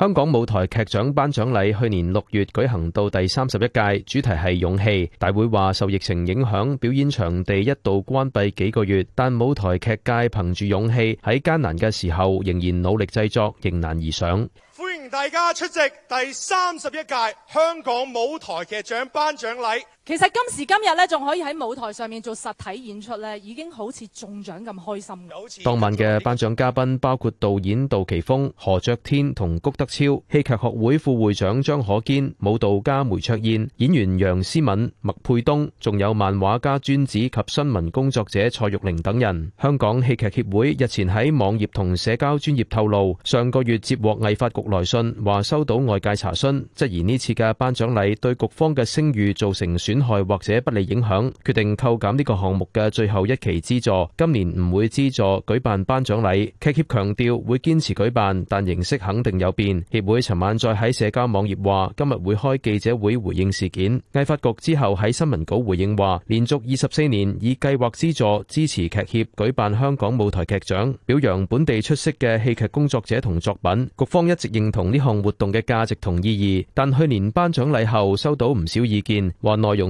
香港舞台劇獎頒獎禮去年六月舉行到第三十一屆，主題係勇氣。大會話受疫情影響，表演場地一度關閉幾個月，但舞台劇界憑住勇氣，喺艱難嘅時候仍然努力製作，迎難而上。歡迎大家出席第三十一屆香港舞台劇獎頒獎禮。其實今時今日咧，仲可以喺舞台上面做實體演出咧，已經好似中獎咁開心。當晚嘅頒獎嘉賓包括導演杜琪峰、何卓天同谷德超、戲劇協會副會長張可堅、舞蹈家梅卓燕、演員楊思敏、麥沛東，仲有漫畫家尊子及新聞工作者蔡玉玲等人。香港戲劇協會日前喺網頁同社交專頁透露，上個月接獲藝發局來信，話收到外界查詢，質疑呢次嘅頒獎禮對局方嘅聲譽造成損害或者不利影響，決定扣減呢個項目嘅最後一期資助，今年唔會資助舉辦頒獎禮。劇協強調會堅持舉辦，但形式肯定有變。協會尋晚再喺社交網頁話，今日會開記者會回應事件。藝發局之後喺新聞稿回應話，連續二十四年以計劃資助支持劇協舉辦香港舞台劇獎，表揚本地出色嘅戲劇工作者同作品。局方一直認同呢項活動嘅價值同意義，但去年頒獎禮後收到唔少意見，話內容。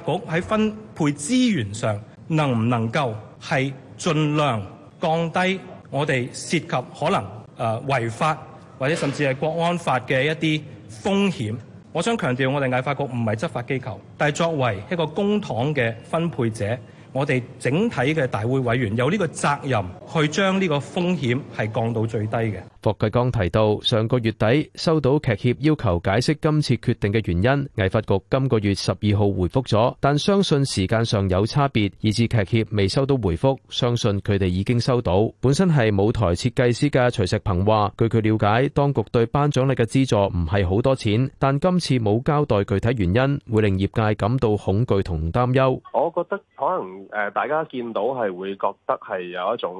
局喺分配資源上，能唔能夠係盡量降低我哋涉及可能誒、呃、違法或者甚至係國安法嘅一啲風險？我想強調，我哋藝發局唔係執法機構，但係作為一個公帑嘅分配者。我哋整體嘅大會委員有呢個責任去將呢個風險係降到最低嘅。霍啟剛提到，上個月底收到劇協要求解釋今次決定嘅原因，藝發局今個月十二號回覆咗，但相信時間上有差別，以致劇協未收到回覆。相信佢哋已經收到。本身係舞台設計師嘅徐石鵬話，據佢了解，當局對頒獎禮嘅資助唔係好多錢，但今次冇交代具體原因，會令業界感到恐懼同擔憂。覺得可能誒，大家見到係會覺得係有一種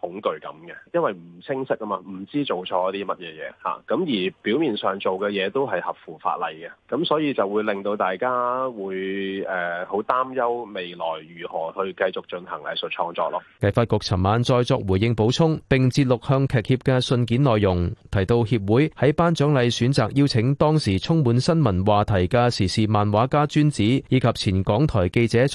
恐懼感嘅，因為唔清晰啊嘛，唔知做錯啲乜嘢嘢嚇。咁而表面上做嘅嘢都係合乎法例嘅，咁所以就會令到大家會誒好擔憂未來如何去繼續進行藝術創作咯。藝發局尋晚再作回應，補充，並節錄向劇協嘅信件內容，提到協會喺頒獎禮選擇邀請當時充滿新聞話題嘅時事漫畫家尊子，以及前港台記者。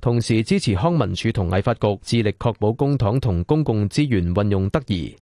同時支持康文署同藝發局致力確保公帑同公共資源運用得宜。